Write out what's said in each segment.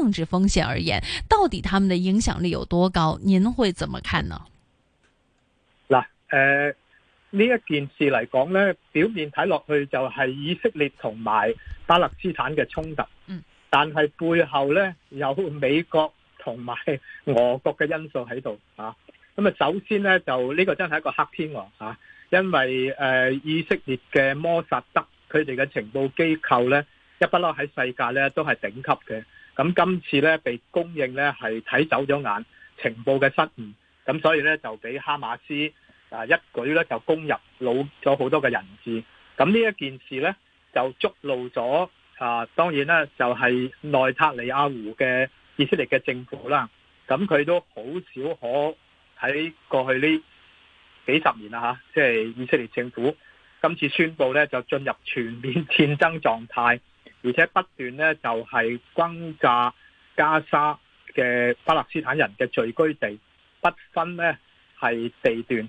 政治風險而言，到底他們的影響力有多高？您會怎麼看呢？嗱、呃，誒呢一件事嚟講咧，表面睇落去就係以色列同埋巴勒斯坦嘅衝突，嗯，但係背後呢，有美國同埋俄國嘅因素喺度啊。咁啊，首先呢，就呢、這個真係一個黑天鵝，啊，因為誒、呃、以色列嘅摩薩德，佢哋嘅情報機構呢，一不嬲喺世界呢，都係頂級嘅。咁今次呢，被公認呢係睇走咗眼情報嘅失誤，咁所以呢，就俾哈馬斯啊一舉呢，就攻入老咗好多嘅人質。咁呢一件事呢，就觸怒咗啊，當然呢，就係內塔尼亞胡嘅以色列嘅政府啦。咁佢都好少可喺過去呢幾十年啦嚇，即係以色列政府今次宣布呢，就進入全面戰爭狀態。而且不斷呢，就係轟炸加沙嘅巴勒斯坦人嘅聚居地，不分呢係地段，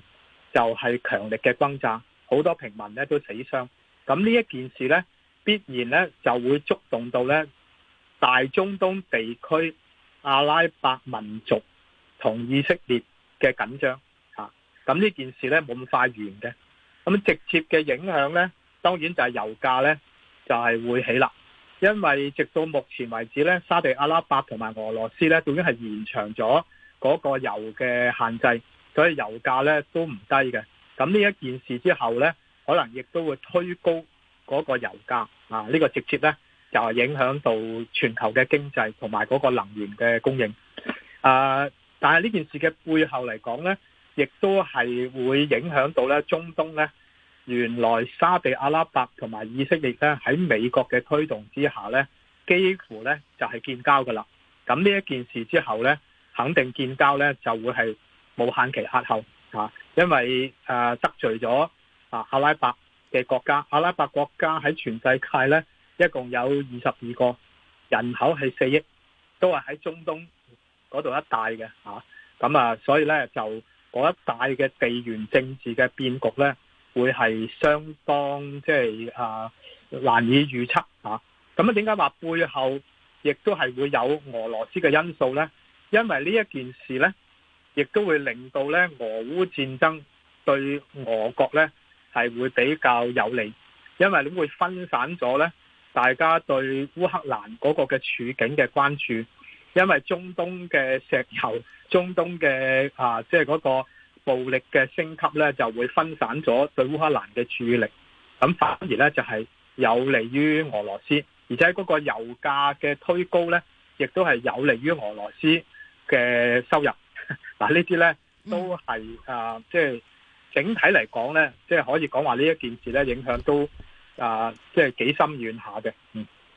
就係強力嘅轟炸，好多平民呢都死傷。咁呢一件事呢，必然呢就會觸動到呢大中東地區阿拉伯民族同以色列嘅緊張嚇。咁呢件事呢冇咁快完嘅，咁直接嘅影響呢，當然就係油價呢，就係會起啦。因為直到目前為止咧，沙地阿拉伯同埋俄羅斯咧，都已經係延長咗嗰個油嘅限制，所以油價咧都唔低嘅。咁呢一件事之後咧，可能亦都會推高嗰個油價啊！呢個直接咧就係影響到全球嘅經濟同埋嗰個能源嘅供應。啊，但係呢件事嘅背後嚟講咧，亦都係會影響到咧中東咧。原來沙地阿拉伯同埋以色列咧，喺美國嘅推動之下咧，幾乎咧就係建交噶啦。咁呢一件事之後咧，肯定建交咧就會係無限期押後嚇，因為誒得罪咗啊阿拉伯嘅國家，阿拉伯國家喺全世界咧一共有二十二個，人口係四億，都係喺中東嗰度一帶嘅嚇。咁啊，所以咧就嗰一帶嘅地緣政治嘅變局咧。會係相當即係啊，難以預測咁啊，點解話背後亦都係會有俄羅斯嘅因素呢？因為呢一件事呢，亦都會令到咧俄烏戰爭對俄國呢係會比較有利，因為點會分散咗呢？大家對烏克蘭嗰個嘅處境嘅關注，因為中東嘅石油、中東嘅啊，即係嗰個。暴力嘅升級呢，就會分散咗對烏克蘭嘅注意力，咁反而呢，就係有利於俄羅斯，而且嗰個油價嘅推高呢，亦都係有利於俄羅斯嘅收入。嗱，呢啲呢都係啊，即係整體嚟講呢，即係可以講話呢一件事呢，影響都啊，即係幾深遠下嘅。嗯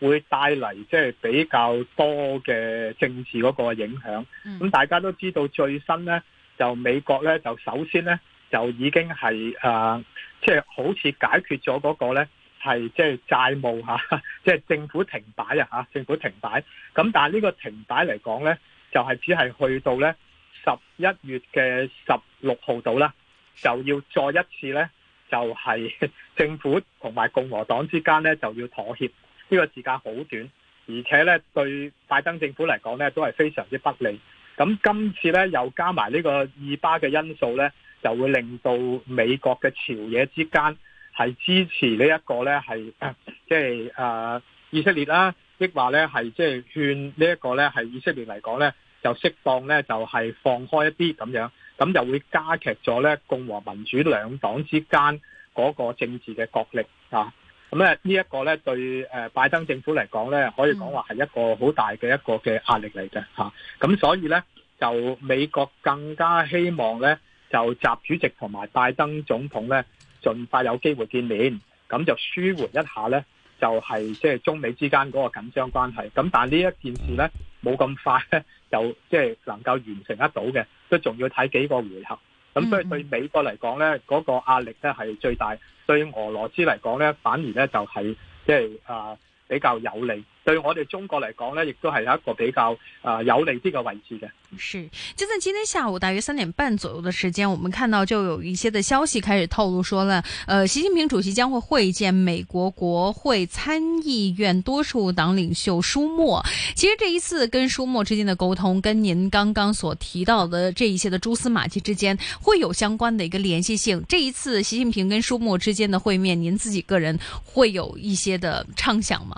會帶嚟即係比較多嘅政治嗰個影響。咁大家都知道最新呢就美國呢，就首先呢就已經係誒，即、呃、係、就是、好似解決咗嗰個呢，係即係債務吓，即、啊、係、就是、政府停擺啊吓，政府停擺。咁但係呢個停擺嚟講呢，就係、是、只係去到呢十一月嘅十六號度啦，就要再一次呢，就係、是、政府同埋共和黨之間呢，就要妥協。呢個時間好短，而且咧對拜登政府嚟講咧都係非常之不利。咁今次咧又加埋呢個以巴嘅因素咧，就會令到美國嘅朝野之間係支持呢、這、一個咧係即係誒、啊、以色列啦，亦話咧係即係勸呢一個咧係以色列嚟講咧就適當咧就係放開一啲咁樣，咁就會加劇咗咧共和民主兩黨之間嗰個政治嘅角力啊！咁咧呢一個咧對誒拜登政府嚟講咧，可以講話係一個好大嘅一個嘅壓力嚟嘅嚇。咁所以咧，就美國更加希望咧，就習主席同埋拜登總統咧，盡快有機會見面，咁就舒緩一下咧，就係即係中美之間嗰個緊張關係。咁但係呢一件事咧，冇咁快咧，就即係能夠完成得到嘅，都仲要睇幾個回合。咁所以對美國嚟講咧，嗰個壓力咧係最大。對俄羅斯嚟講呢，反而呢就係即係啊比較有利。對我哋中國來講呢，亦都是一個比較誒、呃、有利啲嘅位置的。是，就在今天下午大約三點半左右嘅時間，我們看到就有一些嘅消息開始透露，說呢，呃，習近平主席將會會見美國國會參議院多數黨領袖舒默。其實這一次跟舒默之間的溝通，跟您剛剛所提到的這一些的蛛絲馬迹之間會有相關的一個聯繫性。這一次習近平跟舒默之間的會面，您自己個人會有一些的暢想嗎？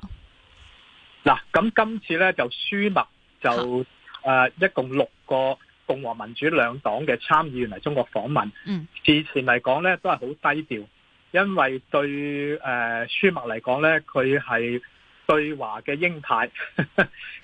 嗱，咁今次呢就舒默就一共六個共和民主兩黨嘅參議員嚟中國訪問，嗯，事前嚟講呢都係好低調，因為對誒舒默嚟講呢，佢係對華嘅鷹派，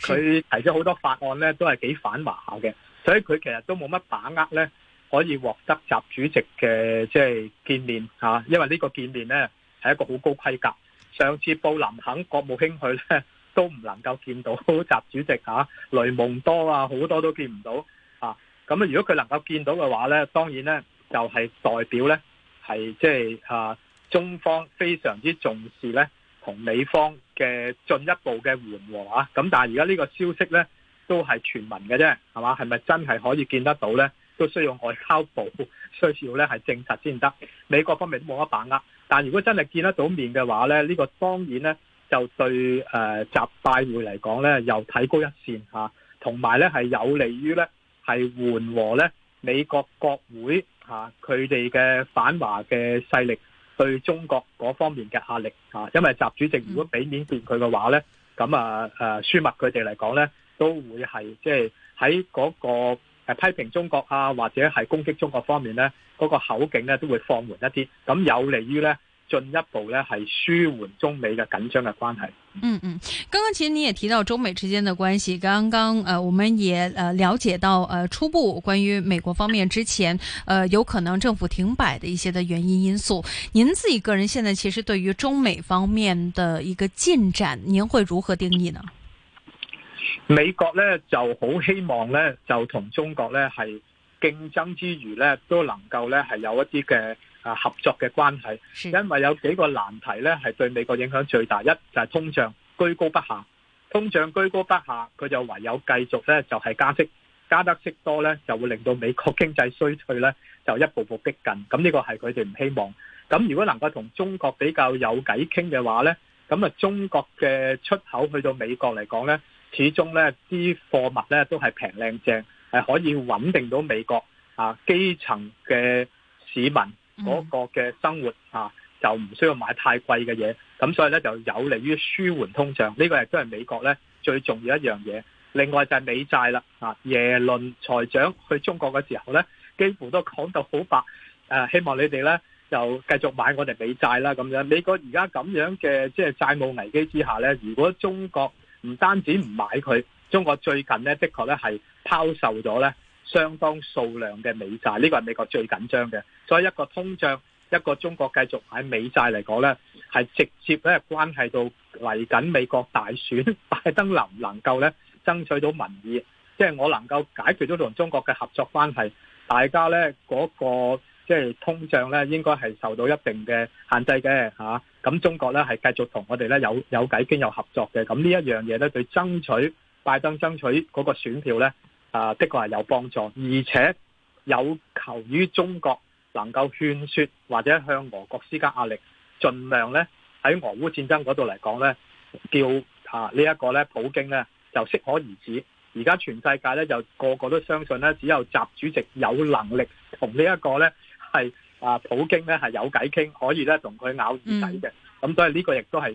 佢提出好多法案呢都係幾反華下嘅，所以佢其實都冇乜把握呢可以獲得習主席嘅即係見面吓，因為呢個見面呢係一個好高規格。上次布林肯國務卿去呢。都唔能夠見到習主席嚇、啊，雷蒙多啊好多都見唔到啊。咁啊，如果佢能夠見到嘅話呢，當然呢，就係、是、代表呢，係即係啊中方非常之重視呢同美方嘅進一步嘅緩和啊。咁但係而家呢個消息呢，都係傳聞嘅啫，係嘛？係咪真係可以見得到呢？都需要外交部需要呢係證實先得。美國方面都冇乜把握。但如果真係見得到面嘅話呢，呢、這個當然呢。就對誒習拜會嚟講咧，又睇高一線嚇，同埋咧係有利於咧係緩和咧美國國會嚇佢哋嘅反華嘅勢力對中國嗰方面嘅壓力嚇、啊，因為習主席如果俾面見佢嘅話咧，咁啊誒舒默佢哋嚟講咧，都會係即係喺嗰個批評中國啊或者係攻擊中國方面咧嗰、嗰個口徑咧都會放緩一啲，咁有利於咧。進一步呢係舒緩中美嘅緊張嘅關係。嗯嗯，剛剛其實你也提到中美之間的關係，剛剛呃、我們也呃了解到呃初步關於美國方面之前、呃、有可能政府停擺的一些的原因因素。您自己個人現在其實對於中美方面的一個進展，您會如何定義呢？美國呢就好希望呢，就同中國呢係競爭之餘呢都能夠呢係有一啲嘅。啊合作嘅關係，因為有幾個難題咧，係對美國影響最大。一就係通脹居高不下，通脹居高不下，佢就唯有繼續咧就係加息，加得息多咧，就會令到美國經濟衰退咧，就一步步逼近。咁呢個係佢哋唔希望。咁如果能夠同中國比較有偈傾嘅話咧，咁啊中國嘅出口去到美國嚟講咧，始終咧啲貨物咧都係平靚正，係可以穩定到美國啊基層嘅市民，嗰、嗯、個嘅生活啊，就唔需要買太貴嘅嘢，咁所以咧就有利於舒緩通脹，呢、呢個亦都係美國咧最重要一樣嘢。另外就係美債啦，啊，耶倫財長去中國嘅時候咧，幾乎都講到好白、啊，希望你哋咧就繼續買我哋美債啦，咁樣。美國而家咁樣嘅即係債務危機之下咧，如果中國唔單止唔買佢，中國最近咧的確咧係拋售咗咧，相當數量嘅美債，呢個係美國最緊張嘅。所以一個通脹，一個中國繼續買美債嚟講呢係直接咧關係到嚟緊美國大選，拜登能唔能夠呢爭取到民意？即係我能夠解決到同中國嘅合作關係，大家呢嗰個即係通脹呢應該係受到一定嘅限制嘅吓。咁中國呢係繼續同我哋呢有有解經有合作嘅。咁呢一樣嘢呢，對爭取拜登爭取嗰個選票呢。啊，的確係有幫助，而且有求於中國能夠勸說或者向俄國施加壓力，盡量呢喺俄烏戰爭嗰度嚟講呢叫啊呢一個普京呢就適可而止。而家全世界呢就個個都相信呢只有習主席有能力同呢一個咧係啊普京呢係有偈傾，可以呢同佢咬耳仔嘅。咁、嗯、所以呢個亦都係。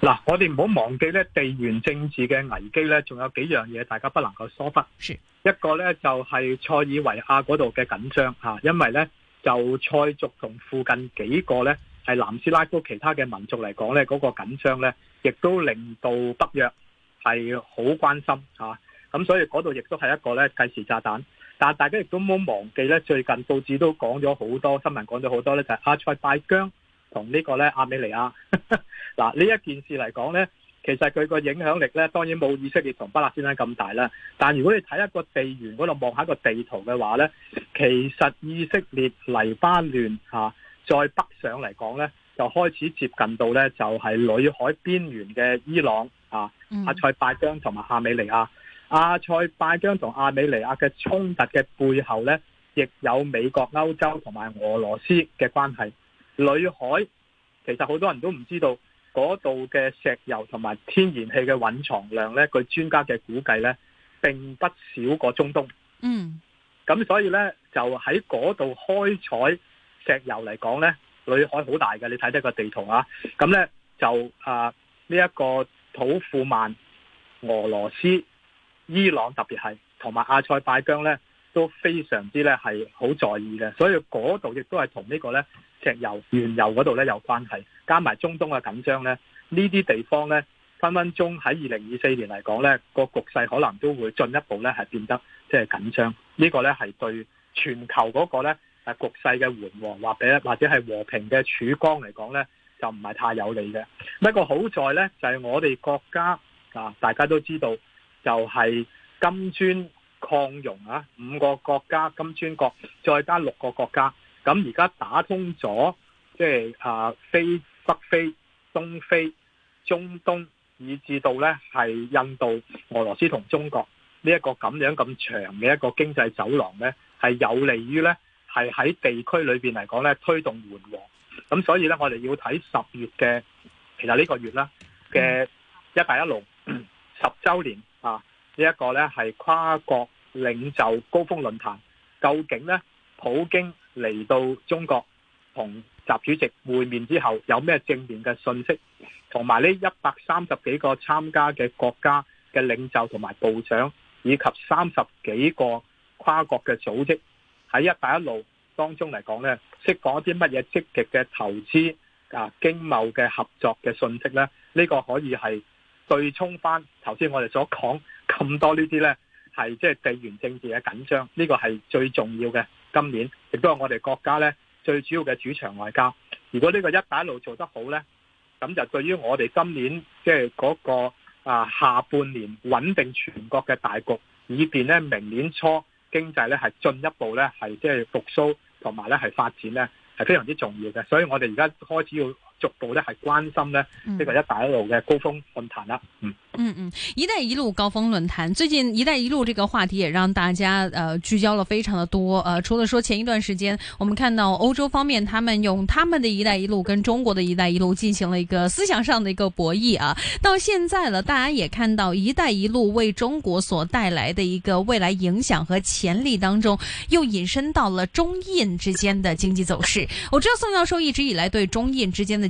嗱，我哋唔好忘記咧地緣政治嘅危機咧，仲有幾樣嘢大家不能夠疏忽。一個咧就係塞爾維亞嗰度嘅緊張吓，因為咧就塞族同附近幾個咧係南斯拉夫其他嘅民族嚟講咧，嗰個緊張咧，亦都令到北約係好關心吓，咁所以嗰度亦都係一個咧計時炸彈。但係大家亦都冇忘記咧，最近報紙都講咗好多，新聞講咗好多咧，就係阿塞拜疆。同呢個咧亞美尼亞嗱呢 一件事嚟講呢，其實佢個影響力呢，當然冇以色列同巴勒斯坦咁大啦。但如果你睇一個地緣嗰度望下一個地圖嘅話呢，其實以色列黎巴嫩再、啊、北上嚟講呢，就開始接近到呢就係、是、裏海邊緣嘅伊朗、啊嗯、阿塞拜疆同埋亞美尼亞。阿塞拜疆同亞美尼亞嘅衝突嘅背後呢，亦有美國、歐洲同埋俄羅斯嘅關係。里海，其實好多人都唔知道，嗰度嘅石油同埋天然氣嘅蘊藏量呢，據專家嘅估計呢，並不少過中東。嗯，咁所以呢，就喺嗰度開採石油嚟講呢，里海好大嘅。你睇得個地圖啊，咁呢，就啊呢一個土庫曼、俄羅斯、伊朗特別係同埋阿塞拜疆呢，都非常之咧，係好在意嘅，所以嗰度亦都係同呢個咧石油原油嗰度咧有關係，加埋中東嘅緊張咧，呢啲地方咧分分鐘喺二零二四年嚟講咧，個局勢可能都會進一步咧係變得即係緊張，呢個咧係對全球嗰個咧誒局勢嘅緩和或者或者係和平嘅曙光嚟講咧，就唔係太有利嘅。不過好在咧，就係我哋國家啊，大家都知道就係金磚。擴容啊，五個國家金磚國，再加六個國家，咁而家打通咗，即係啊非北非、東非、中東，以至到呢係印度、俄羅斯同中國呢一個咁樣咁長嘅一個經濟走廊呢係有利於呢係喺地區裏邊嚟講呢推動緩和。咁所以呢，我哋要睇十月嘅，其實呢個月啦嘅一帶一路十週年啊。呢一個呢，係跨國領袖高峰論壇，究竟呢，普京嚟到中國同習主席會面之後，有咩正面嘅信息？同埋呢一百三十幾個參加嘅國家嘅領袖同埋部長，以及三十幾個跨國嘅組織喺一帶一路當中嚟講呢識講一啲乜嘢積極嘅投資啊經貿嘅合作嘅信息呢？呢、呢個可以係對沖翻頭先我哋所講。咁多呢啲呢，係即係地緣政治嘅緊張，呢個係最重要嘅。今年亦都係我哋國家呢最主要嘅主場外交。如果呢個一帶一路做得好呢，咁就對於我哋今年即係嗰個啊下半年穩定全國嘅大局，以便呢明年初經濟呢係進一步呢，係即係復甦同埋呢係發展呢係非常之重要嘅。所以我哋而家開始要。逐步呢，係關心咧，這個「一帶一路」嘅高峰論壇啦。嗯嗯嗯，「一帶一路」高峰論壇。最近「一帶一路」這個話題也讓大家呃聚焦了非常的多。呃，除了說前一段時間我們看到歐洲方面，他們用他們的一帶一路跟中國的一帶一路進行了一個思想上的一個博弈啊。到現在呢，大家也看到一帶一路為中國所帶來的一個未來影響和潛力當中，又引申到了中印之間的經濟走勢。我知道宋教授一直以來對中印之間的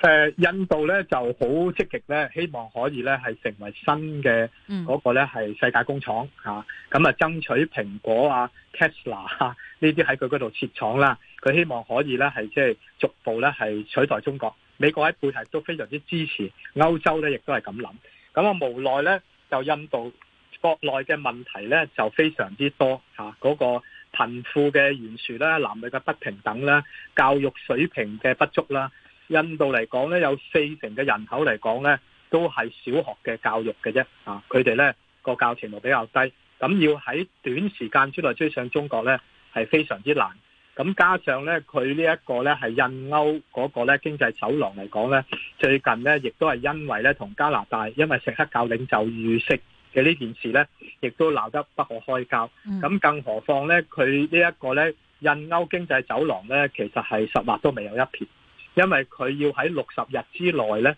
誒、印度咧就好積極咧，希望可以咧係成為新嘅嗰個咧係世界工廠嚇，咁啊爭取蘋果啊、Tesla 呢啲喺佢嗰度設廠啦，佢希望可以咧係即係逐步咧係取代中國。美國喺背後都非常之支持，歐洲咧亦都係咁諗。咁啊無奈咧，就印度國內嘅問題咧就非常之多嚇，嗰個貧富嘅懸殊啦、男女嘅不平等啦、教育水平嘅不足啦。印度嚟講咧，有四成嘅人口嚟講咧，都係小學嘅教育嘅啫。啊，佢哋咧個教程度比較低，咁要喺短時間之內追上中國咧，係非常之難。咁加上咧，佢呢一個咧係印歐嗰個咧經濟走廊嚟講咧，最近咧亦都係因為咧同加拿大因為錫克教領袖遇刺嘅呢件事咧，亦都鬧得不可開交。咁更何況咧，佢呢一個咧印歐經濟走廊咧，其實係十劃都未有一撇。因為佢要喺六十日之內咧，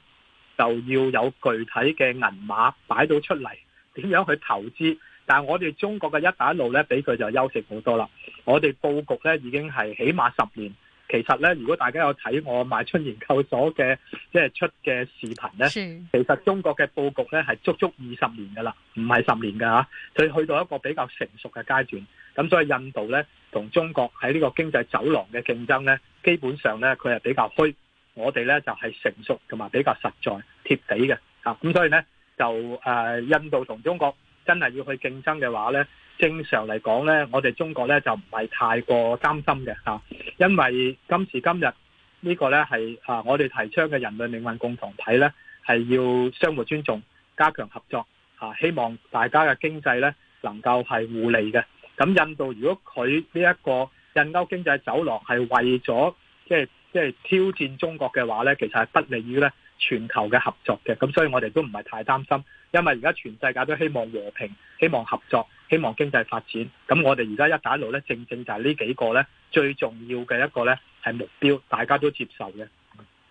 就要有具體嘅銀碼擺到出嚟，點樣去投資？但係我哋中國嘅一帶一路咧，比佢就優勝好多啦。我哋布局咧已經係起碼十年。其實咧，如果大家有睇我賣春研究所嘅即係出嘅視頻咧，是其實中國嘅佈局咧係足足二十年㗎喇，唔係十年㗎。吓，佢去到一個比較成熟嘅階段。咁所以印度咧同中國喺呢個經濟走廊嘅競爭咧，基本上咧佢係比較虛，我哋咧就係、是、成熟同埋比較實在貼地嘅吓。咁所以咧就誒、啊、印度同中國真係要去競爭嘅話咧。正常嚟講呢，我哋中國呢就唔係太過擔心嘅，嚇、因為今時今日呢個呢係啊，我哋提倡嘅人類命運共同體呢係要相互尊重、加強合作、嚇、希望大家嘅經濟呢能夠係互利嘅。咁印度如果佢呢一個印歐經濟走廊係為咗即係即係挑戰中國嘅話呢，其實係不利於呢全球嘅合作嘅。咁所以我哋都唔係太擔心，因為而家全世界都希望和平、希望合作。希望經濟發展，咁我哋而家一帶一路咧，正正就係呢幾個咧最重要嘅一個咧，係目標，大家都接受嘅。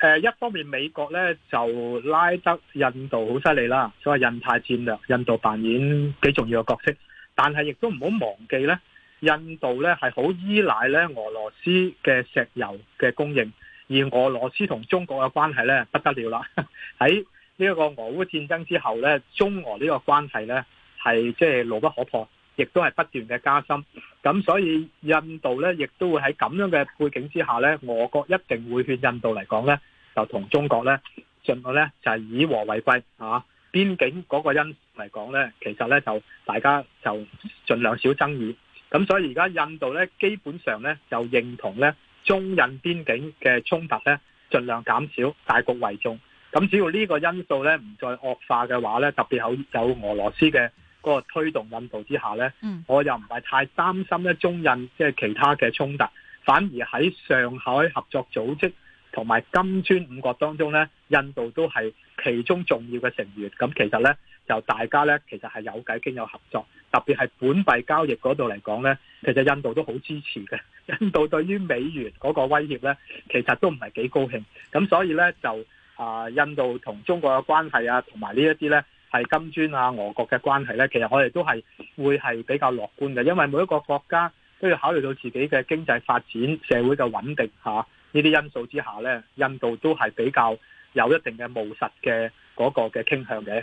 誒、呃，一方面美國咧就拉得印度好犀利啦，所謂印太戰略，印度扮演幾重要嘅角色。但係亦都唔好忘記咧，印度咧係好依賴咧俄羅斯嘅石油嘅供應，而俄羅斯同中國嘅關係咧不得了啦。喺呢一個俄烏戰爭之後咧，中俄呢個關係咧係即係牢不可破。亦都係不斷嘅加深，咁所以印度呢，亦都會喺咁樣嘅背景之下呢，我國一定會勸印度嚟講呢，就同中國呢儘量呢，就係、是、以和為貴嚇、啊。邊境嗰個因素嚟講呢，其實呢，就大家就盡量少爭議。咁所以而家印度呢，基本上呢，就認同呢中印邊境嘅衝突呢，盡量減少大局為重。咁只要呢個因素呢唔再惡化嘅話呢，特別有有俄羅斯嘅。個推動印度之下呢，我又唔係太擔心咧中印即係其他嘅衝突，反而喺上海合作組織同埋金磚五國當中呢，印度都係其中重要嘅成員。咁其實呢，就大家呢其實係有偈傾有合作，特別係本幣交易嗰度嚟講呢，其實印度都好支持嘅。印度對於美元嗰個威脅呢，其實都唔係幾高興。咁所以呢，就啊，印度同中國嘅關係啊，同埋呢一啲呢。係金磚啊，俄國嘅關係呢，其實我哋都係會係比較樂觀嘅，因為每一個國家都要考慮到自己嘅經濟發展、社會嘅穩定嚇呢啲因素之下呢，印度都係比較有一定嘅務實嘅嗰個嘅傾向嘅。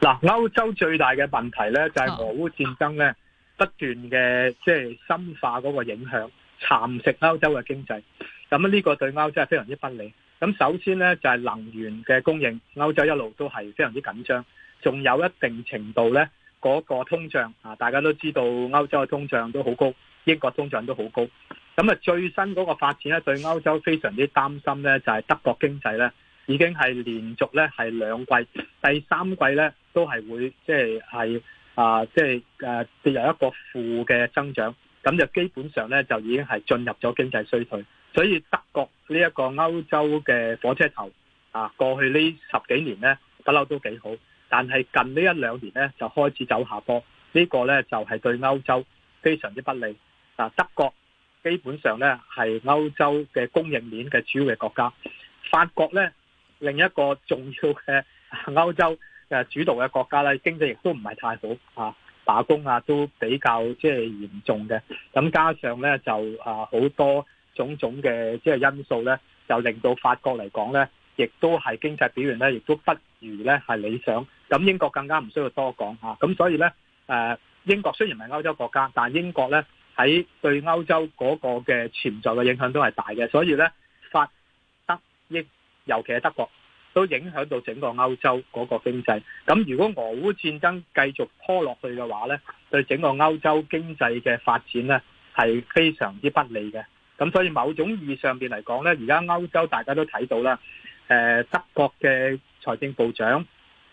嗱，歐洲最大嘅問題咧，就係俄烏戰爭咧不斷嘅即係深化嗰個影響，蠶食歐洲嘅經濟。咁呢個對歐洲係非常之不利。咁首先咧就係能源嘅供應，歐洲一路都係非常之緊張。仲有一定程度咧，嗰個通脹啊，大家都知道歐洲嘅通脹都好高，英國通脹都好高。咁啊，最新嗰個發展咧，對歐洲非常之擔心咧，就係德國經濟咧。已經係連續咧係兩季，第三季咧都係會即係係啊，即係、啊、跌入一個負嘅增長，咁就基本上咧就已經係進入咗經濟衰退。所以德國呢一個歐洲嘅火車頭啊，過去呢十幾年咧不嬲都幾好，但係近這一兩年呢一兩年咧就開始走下坡，這個、呢個咧就係、是、對歐洲非常之不利、啊。德國基本上咧係歐洲嘅供應鏈嘅主要嘅國家，法國咧。另一個重要嘅歐洲嘅主導嘅國家咧，經濟亦都唔係太好啊，打工啊都比較即係嚴重嘅。咁加上咧就啊好多種種嘅即係因素咧，就令到法國嚟講咧，亦都係經濟表現咧，亦都不如咧係理想。咁英國更加唔需要多講嚇。咁所以咧，誒英國雖然唔係歐洲國家，但係英國咧喺對歐洲嗰個嘅潛在嘅影響都係大嘅。所以咧。尤其係德國，都影響到整個歐洲嗰個經濟。咁如果俄烏戰爭繼續拖落去嘅話咧，對整個歐洲經濟嘅發展咧係非常之不利嘅。咁所以某種意義上邊嚟講咧，而家歐洲大家都睇到啦，誒德國嘅財政部長、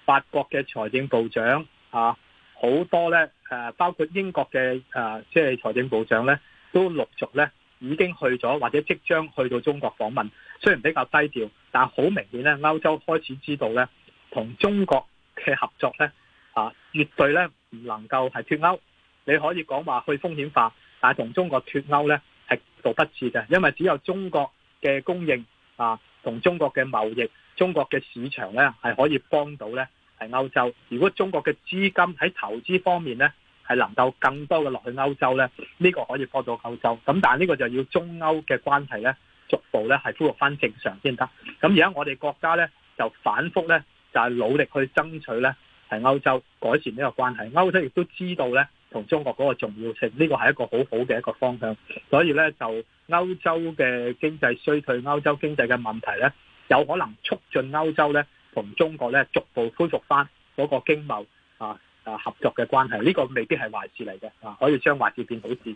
法國嘅財政部長啊，好多咧誒包括英國嘅誒即係財政部長咧，都陸續咧已經去咗或者即將去到中國訪問，雖然比較低調。但係好明顯咧，歐洲開始知道咧，同中國嘅合作咧，啊，絕對咧唔能夠係脫歐。你可以講話去風險化，但係同中國脫歐咧係做不徹嘅，因為只有中國嘅供應啊，同中國嘅貿易、中國嘅市場咧係可以幫到咧，係歐洲。如果中國嘅資金喺投資方面咧係能夠更多嘅落去歐洲咧，呢個可以幫到歐洲。咁但係呢個就要中歐嘅關係咧。逐步咧係恢復翻正常先得。咁而家我哋國家咧就反覆咧就係努力去爭取咧，係歐洲改善呢個關係。歐洲亦都知道咧同中國嗰個重要性，呢個係一個好好嘅一個方向。所以咧就歐洲嘅經濟衰退，歐洲經濟嘅問題咧，有可能促進歐洲咧同中國咧逐步恢復翻嗰個經貿啊啊合作嘅關係。呢個未必係壞事嚟嘅啊，可以將壞事變好事。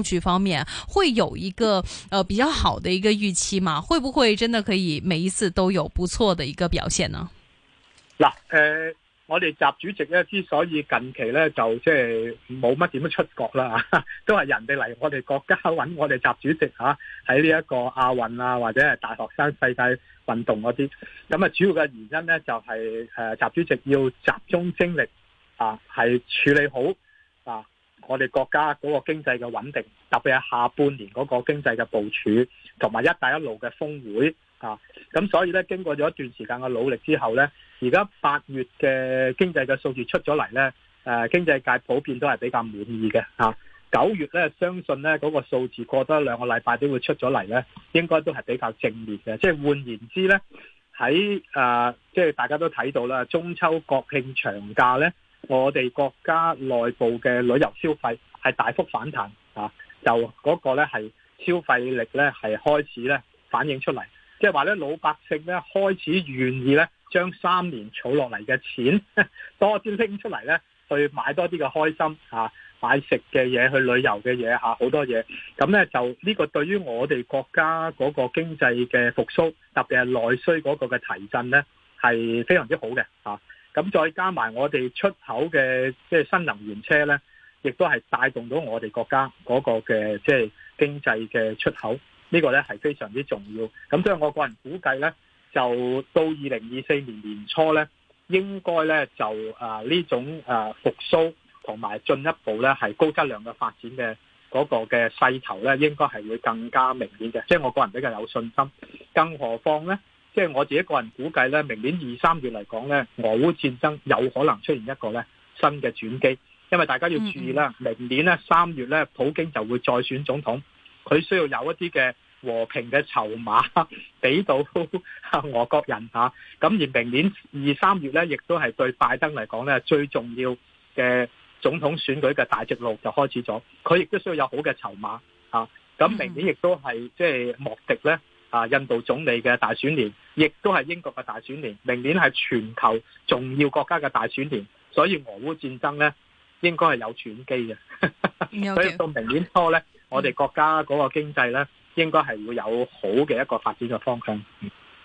數據方面會有一個，呃，比較好的一個預期嘛？會不會真的可以每一次都有不錯的一個表現呢？嗱，誒、呃，我哋習主席咧，之所以近期咧就即係冇乜點樣出國啦，都係人哋嚟我哋國家搵我哋習主席吓喺呢一個亞運啊，或者係大學生世界運動嗰啲。咁啊，主要嘅原因咧就係、是、誒、呃，習主席要集中精力啊，係處理好啊。我哋國家嗰個經濟嘅穩定，特別係下半年嗰個經濟嘅部署，同埋一帶一路嘅峰會啊，咁所以呢，經過咗一段時間嘅努力之後呢，而家八月嘅經濟嘅數字出咗嚟呢，誒、啊、經濟界普遍都係比較滿意嘅嚇。啊、九月呢，相信呢嗰、嗰個數字過多兩個禮拜都會出咗嚟呢，應該都係比較正面嘅。即係換言之呢，喺誒、啊，即係大家都睇到啦，中秋國慶長假呢，我哋國家內部嘅旅遊消費係大幅反彈啊！就嗰個咧係消費力呢係開始呢反映出嚟，即係話呢，老百姓呢開始願意呢將三年儲落嚟嘅錢多啲拎出嚟呢，去買多啲嘅開心啊、買食嘅嘢、去旅遊嘅嘢嚇好多嘢，咁呢，就呢個對於我哋國家嗰個經濟嘅復甦，特別係內需嗰個嘅提振呢，係非常之好嘅啊！咁再加埋我哋出口嘅即係新能源車呢，亦都係帶動到我哋國家嗰個嘅即係經濟嘅出口，這個、呢個咧係非常之重要。咁即係我個人估計咧，就到二零二四年年初咧，應該咧就誒、啊、呢種誒復蘇同埋進一步咧係高質量嘅發展嘅嗰個嘅勢頭咧，應該係會更加明顯嘅。即、就、係、是、我個人比較有信心。更何況咧？即係我自己個人估計咧，明年二三月嚟講咧，俄烏戰爭有可能出現一個咧新嘅轉機，因為大家要注意啦，明年咧三月咧，普京就會再選總統，佢需要有一啲嘅和平嘅籌碼俾到俄國人嚇，咁而明年二三月咧，亦都係對拜登嚟講咧最重要嘅總統選舉嘅大直路就開始咗，佢亦都需要有好嘅籌碼嚇，咁明年亦都係即係莫迪咧。啊！印度總理嘅大選年，亦都係英國嘅大選年，明年係全球重要國家嘅大選年，所以俄烏戰爭呢應該係有轉機嘅， 所以到明年初呢我哋國家嗰個經濟呢，應該係會有好嘅一個發展嘅方向。